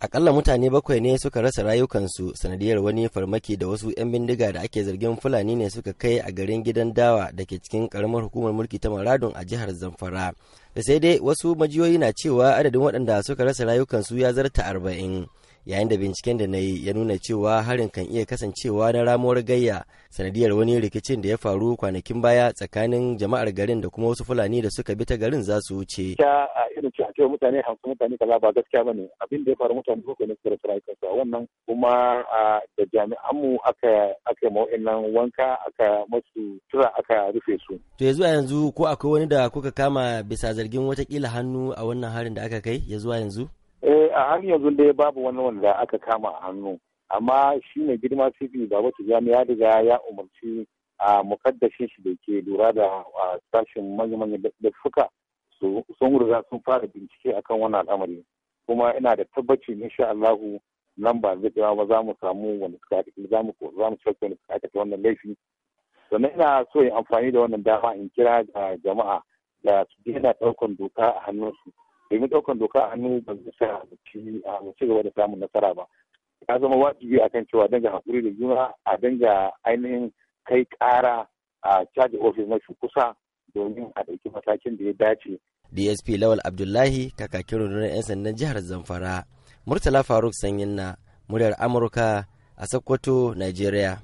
Akalla mutane bakwai ne suka rasa rayukansu sanadiyar wani farmaki da wasu 'yan bindiga da ake zargin Fulani ne suka kai a garin gidan dawa da ke cikin karamar hukumar mulki ta Maradun a jihar Zamfara. Da sai dai wasu majiyoyi na cewa adadin waɗanda suka rasa rayukansu ya zarta arba'in. yayin da binciken da na yi ya nuna cewa harin kan iya kasancewa na ramuwar gayya sanadiyar wani rikicin da ya faru kwanakin baya tsakanin jama'ar garin da kuma wasu fulani da suka bi ta garin za su wuce. ya a irin ce cewa mutane hamsin mutane kaza ba gaskiya bane abin da ya faru mutane ko ne suka rasa rayukansu wannan kuma da jami'anmu aka aka nan wanka aka masu tura aka rufe su. to ya zuwa yanzu ko akwai wani da kuka kama bisa zargin watakila hannu a wannan harin da aka kai ya zuwa yanzu. a har yanzu dai babu wani wanda aka kama a hannu amma shi ne girma cv baba tijjani ya riga ya umarci a mukaddashin shi da ke lura da sashen manya-manya da sun riga sun fara bincike akan wannan al'amari kuma ina da tabbaci insha Allahu nan ba zai ba za mu samu wani suka za mu za wani wannan laifi sannan ina so in amfani da wannan dama in kira ga jama'a da su daina ɗaukan doka a hannunsu domin ɗaukan doka a hannu ba zai sa a ci gaba da samun nasara ba ya zama wajibi kan cewa danga hakuri da juna a danga ainihin kai ƙara a caji ofis mafi kusa domin a ɗauki matakin da ya dace. DSP Lawal Abdullahi kakakin rundunar 'yan sandan jihar Zamfara, Murtala Faruk Sanyin na muryar Amurka a Sokoto, nigeria.